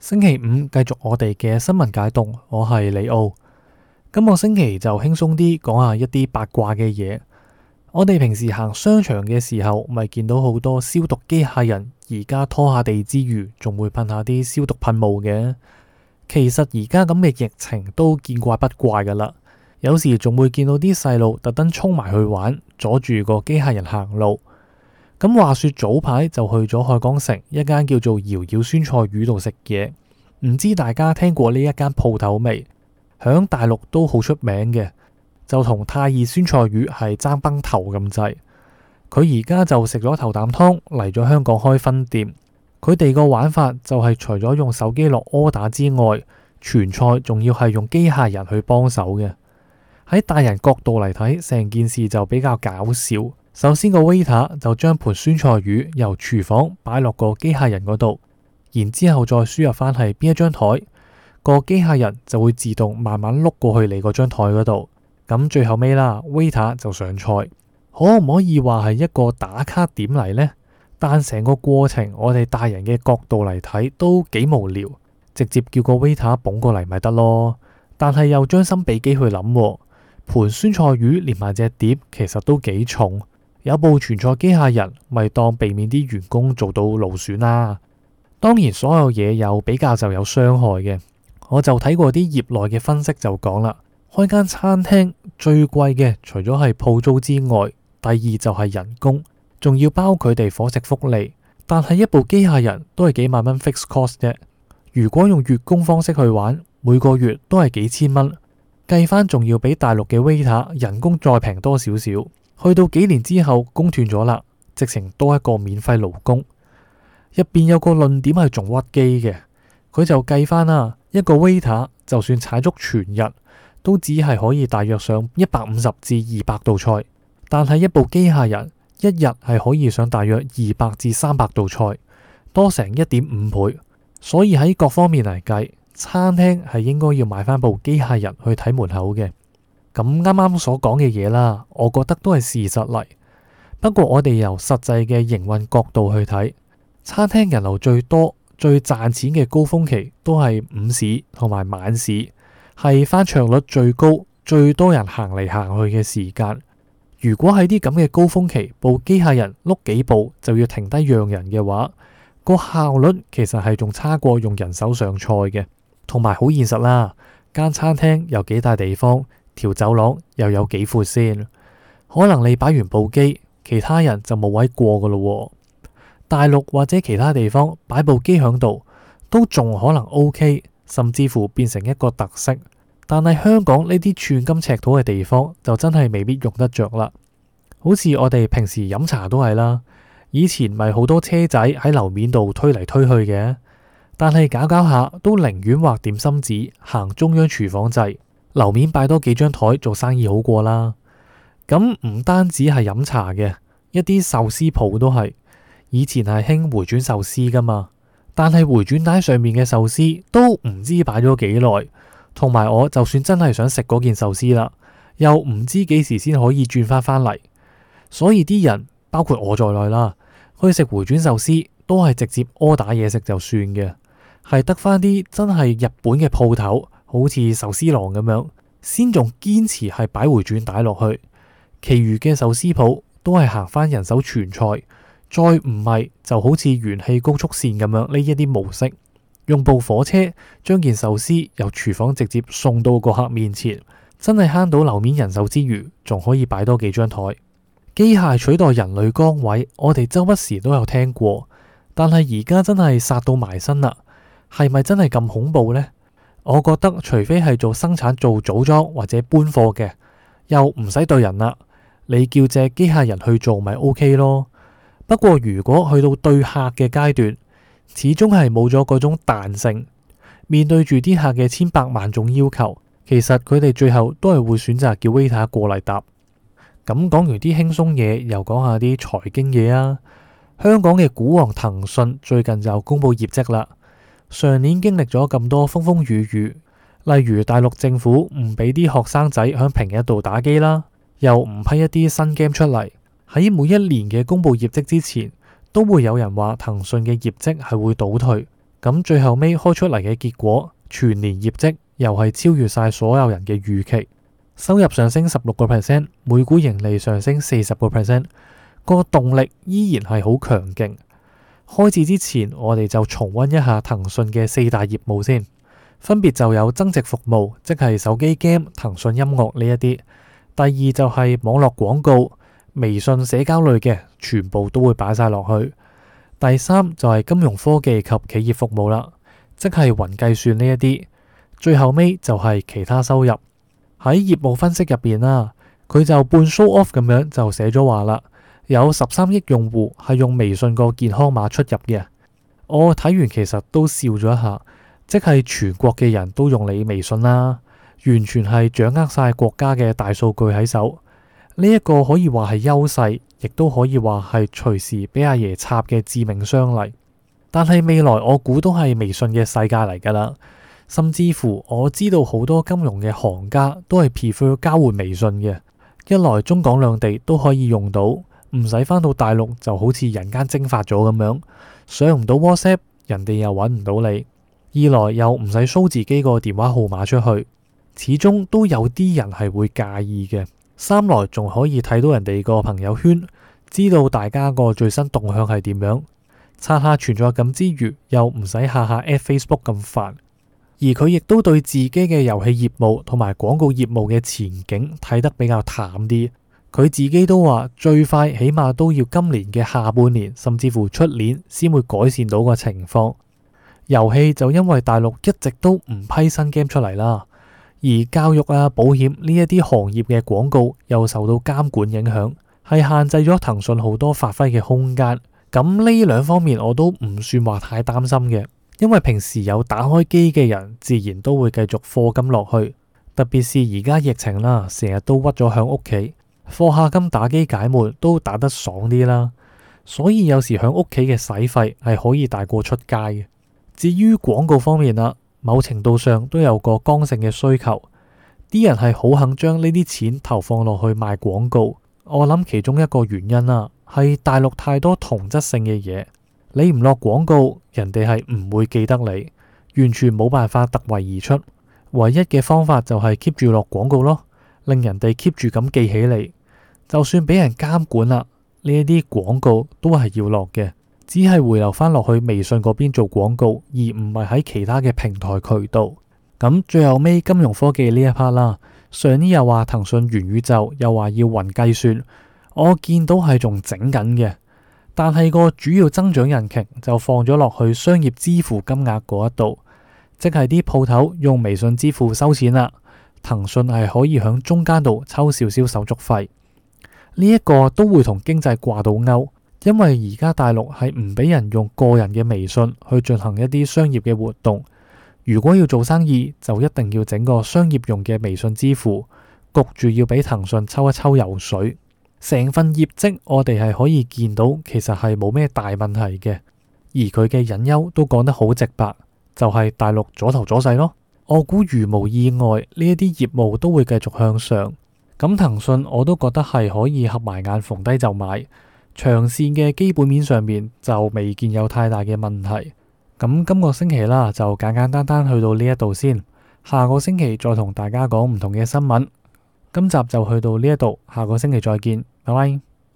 星期五繼續我哋嘅新聞解讀，我係李奧。今個星期就輕鬆啲講下一啲八卦嘅嘢。我哋平時行商場嘅時候，咪見到好多消毒機械人，而家拖下地之餘，仲會噴下啲消毒噴霧嘅。其實而家咁嘅疫情都見怪不怪噶啦。有時仲會見到啲細路特登衝埋去玩，阻住個機械人行路。咁話說早排就去咗海港城一間叫做瑤瑤酸菜魚度食嘢，唔知大家聽過呢一間鋪頭未？響大陸都好出名嘅，就同太二酸菜魚係爭崩頭咁滯。佢而家就食咗頭啖湯嚟咗香港開分店。佢哋個玩法就係除咗用手機落柯打之外，傳菜仲要係用機械人去幫手嘅。喺大人角度嚟睇，成件事就比較搞笑。首先個 waiter 就將盤酸菜魚由廚房擺落個機械人嗰度，然之後再輸入返係邊一張台，個機械人就會自動慢慢碌過去你嗰張台嗰度。咁最後尾啦，waiter 就上菜，可唔可以話係一個打卡點嚟呢？但成個過程我哋大人嘅角度嚟睇都幾無聊，直接叫個 waiter 捧過嚟咪得咯。但係又將心比己去諗，盤酸菜魚連埋隻碟其實都幾重。有部傳菜機械人，咪當避免啲員工做到勞損啦。當然，所有嘢有比較就有傷害嘅。我就睇過啲業內嘅分析就講啦，開間餐廳最貴嘅，除咗係鋪租之外，第二就係人工，仲要包佢哋伙食福利。但係一部機械人都係幾萬蚊 fixed cost 啫。如果用月供方式去玩，每個月都係幾千蚊，計翻仲要比大陸嘅 waiter 人工再平多少少。去到幾年之後，供斷咗啦，直情多一個免費勞工。入邊有個論點係仲屈機嘅，佢就計翻啦，一個 waiter 就算踩足全日，都只係可以大約上一百五十至二百道菜，但係一部機械人一日係可以上大約二百至三百道菜，多成一點五倍。所以喺各方面嚟計，餐廳係應該要買翻部機械人去睇門口嘅。咁啱啱所講嘅嘢啦，我覺得都係事實嚟。不過，我哋由實際嘅營運角度去睇，餐廳人流最多、最賺錢嘅高峰期都係午市同埋晚市，係翻場率最高、最多人行嚟行去嘅時間。如果喺啲咁嘅高峰期，部機械人碌幾步就要停低讓人嘅話，個效率其實係仲差過用人手上菜嘅。同埋好現實啦，間餐廳有幾大地方？條走廊又有幾闊先？可能你擺完部機，其他人就冇位過噶咯。大陸或者其他地方擺部機喺度都仲可能 OK，甚至乎變成一個特色。但係香港呢啲寸金尺土嘅地方，就真係未必用得着啦。好似我哋平時飲茶都係啦，以前咪好多車仔喺樓面度推嚟推去嘅，但係搞搞下都寧願畫點心紙行中央廚房制。樓面擺多幾張台做生意好過啦。咁唔單止係飲茶嘅，一啲壽司鋪都係。以前係興回轉壽司噶嘛，但係回轉帶上面嘅壽司都唔知擺咗幾耐，同埋我就算真係想食嗰件壽司啦，又唔知幾時先可以轉翻返嚟。所以啲人包括我在內啦，去食回轉壽司都係直接屙打嘢食就算嘅，係得翻啲真係日本嘅鋪頭。好似壽司郎咁樣，先仲堅持係擺回轉帶落去，其餘嘅壽司鋪都係行返人手傳菜，再唔係就好似元氣高速線咁樣呢一啲模式，用部火車將件壽司由廚房直接送到個客面前，真係慳到樓面人手之餘，仲可以擺多幾張台。機械取代人類崗位，我哋周不時都有聽過，但係而家真係殺到埋身啦，係咪真係咁恐怖呢？我覺得，除非係做生產、做組裝或者搬貨嘅，又唔使對人啦，你叫隻機械人去做咪 OK 咯。不過如果去到對客嘅階段，始終係冇咗嗰種彈性。面對住啲客嘅千百萬種要求，其實佢哋最後都係會選擇叫 waiter 過嚟答。咁講完啲輕鬆嘢，又講下啲財經嘢啊。香港嘅股王騰訊最近就公布業績啦。上年經歷咗咁多風風雨雨，例如大陸政府唔俾啲學生仔喺平日度打機啦，又唔批一啲新 game 出嚟。喺每一年嘅公佈業績之前，都會有人話騰訊嘅業績係會倒退。咁最後尾開出嚟嘅結果，全年業績又係超越晒所有人嘅預期，收入上升十六個 percent，每股盈利上升四十個 percent，個動力依然係好強勁。開始之前，我哋就重溫一下騰訊嘅四大業務先，分別就有增值服務，即係手機 game、騰訊音樂呢一啲；第二就係網絡廣告、微信社交類嘅，全部都會擺晒落去；第三就係金融科技及企業服務啦，即係雲計算呢一啲；最後尾就係其他收入。喺業務分析入邊啦，佢就半 show off 咁樣就寫咗話啦。有十三億用戶係用微信個健康碼出入嘅。我睇完其實都笑咗一下，即係全國嘅人都用你微信啦，完全係掌握晒國家嘅大數據喺手。呢一個可以話係優勢，亦都可以話係隨時俾阿爺插嘅致命傷嚟。但係未來我估都係微信嘅世界嚟㗎啦，甚至乎我知道好多金融嘅行家都係 prefer 交換微信嘅，一來中港兩地都可以用到。唔使翻到大陸就好似人間蒸發咗咁樣，上唔到 WhatsApp，人哋又揾唔到你；二來又唔使 show 自己個電話號碼出去，始終都有啲人係會介意嘅；三來仲可以睇到人哋個朋友圈，知道大家個最新動向係點樣，刷下存在感之餘又唔使下下 at Facebook 咁煩。而佢亦都對自己嘅遊戲業務同埋廣告業務嘅前景睇得比較淡啲。佢自己都話最快起碼都要今年嘅下半年，甚至乎出年先會改善到個情況。遊戲就因為大陸一直都唔批新 game 出嚟啦，而教育啊、保險呢一啲行業嘅廣告又受到監管影響，係限制咗騰訊好多發揮嘅空間。咁呢兩方面我都唔算話太擔心嘅，因為平時有打開機嘅人自然都會繼續課金落去，特別是而家疫情啦，成日都屈咗響屋企。課下金打機解悶都打得爽啲啦，所以有時響屋企嘅使費係可以大過出街嘅。至於廣告方面啦、啊，某程度上都有個剛性嘅需求，啲人係好肯將呢啲錢投放落去賣廣告。我諗其中一個原因啦、啊，係大陸太多同質性嘅嘢，你唔落廣告，人哋係唔會記得你，完全冇辦法突圍而出。唯一嘅方法就係 keep 住落廣告咯，令人哋 keep 住咁記起你。就算俾人監管啦，呢一啲廣告都係要落嘅，只係回流返落去微信嗰邊做廣告，而唔係喺其他嘅平台渠道。咁、嗯、最後尾金融科技呢一 part 啦，上年又話騰訊元宇宙又話要雲計算，我見到係仲整緊嘅，但係個主要增長引擎就放咗落去商業支付金額嗰一度，即係啲鋪頭用微信支付收錢啦。騰訊係可以響中間度抽少少少手續費。呢一個都會同經濟掛到鈎，因為而家大陸係唔俾人用個人嘅微信去進行一啲商業嘅活動。如果要做生意，就一定要整個商業用嘅微信支付，焗住要俾騰訊抽一抽油水。成份業績我哋係可以見到，其實係冇咩大問題嘅。而佢嘅隱憂都講得好直白，就係、是、大陸阻頭阻勢咯。我估如無意外，呢一啲業務都會繼續向上。咁騰訊我都覺得係可以合埋眼逢低就買，長線嘅基本面上面就未見有太大嘅問題。咁今個星期啦，就簡簡單單單去到呢一度先，下個星期再同大家講唔同嘅新聞。今集就去到呢一度，下個星期再見，拜拜。